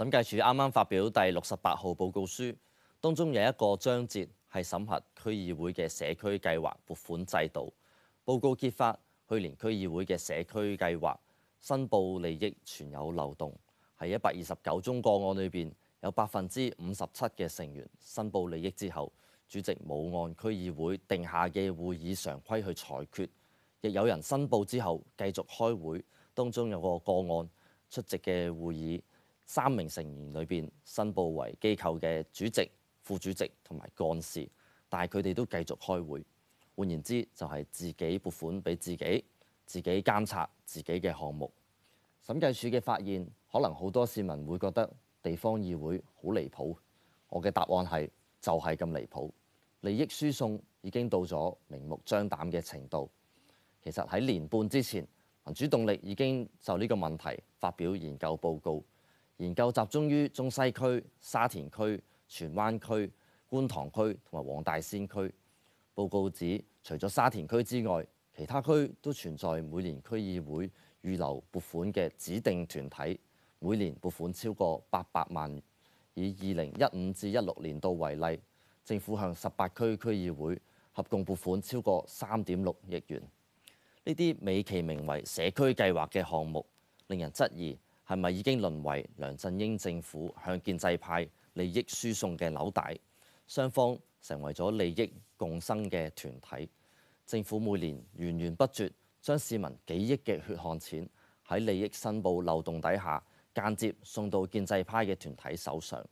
審計署啱啱發表第六十八號報告書，當中有一個章節係審核區議會嘅社區計劃撥款制度。報告揭發去年區議會嘅社區計劃申報利益存有漏洞，喺一百二十九宗個案裏邊，有百分之五十七嘅成員申報利益之後，主席冇按區議會定下嘅會議常規去裁決，亦有人申報之後繼續開會，當中有個個案出席嘅會議。三名成員裏邊，申報為機構嘅主席、副主席同埋幹事，但係佢哋都繼續開會。換言之，就係自己撥款俾自己，自己監察自己嘅項目。審計署嘅發現，可能好多市民會覺得地方議會好離譜。我嘅答案係就係咁離譜，利益輸送已經到咗明目張膽嘅程度。其實喺年半之前，民主動力已經就呢個問題發表研究報告。研究集中於中西區、沙田區、荃灣區、觀塘區同埋黃大仙區。報告指，除咗沙田區之外，其他區都存在每年區議會預留撥款嘅指定團體，每年撥款超過八百萬。以二零一五至一六年度為例，政府向十八區區議會合共撥款超過三點六億元。呢啲美其名為社區計劃嘅項目，令人質疑。係咪已經淪為梁振英政府向建制派利益輸送嘅紐帶？雙方成為咗利益共生嘅團體。政府每年源源不絕將市民幾億嘅血汗錢喺利益申報漏洞底下間接送到建制派嘅團體手上，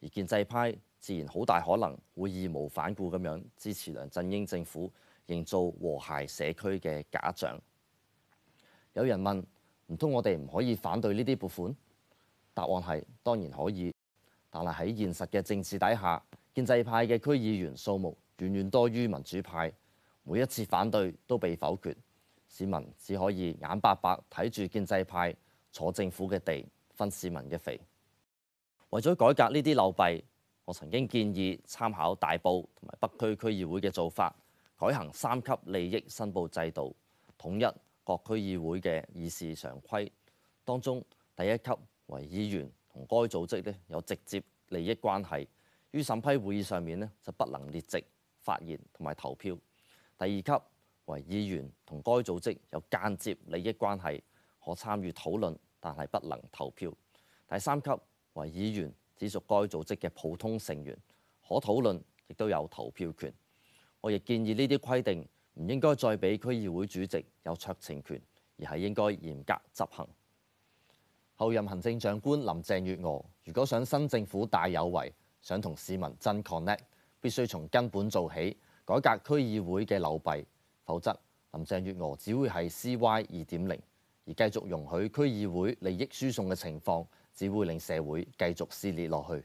而建制派自然好大可能會義無反顧咁樣支持梁振英政府，營造和諧社區嘅假象。有人問：唔通我哋唔可以反對呢啲撥款？答案係當然可以，但係喺現實嘅政治底下，建制派嘅區議員數目遠遠多於民主派，每一次反對都被否決，市民只可以眼白白睇住建制派坐政府嘅地分市民嘅肥。為咗改革呢啲漏弊，我曾經建議參考大埔同埋北區區議會嘅做法，改行三級利益申報制度，統一。各區議會嘅議事常規當中，第一級為議員同該組織呢有直接利益關係，於審批會議上面呢就不能列席發言同埋投票。第二級為議員同該組織有間接利益關係，可參與討論但係不能投票。第三級為議員只屬該組織嘅普通成員，可討論亦都有投票權。我亦建議呢啲規定。唔應該再俾區議會主席有酌情權，而係應該嚴格執行。候任行政長官林鄭月娥，如果想新政府大有為，想同市民真 connect，必須從根本做起，改革區議會嘅陋弊，否則林鄭月娥只會係 CY 二點零，而繼續容許區議會利益輸送嘅情況，只會令社會繼續撕裂落去。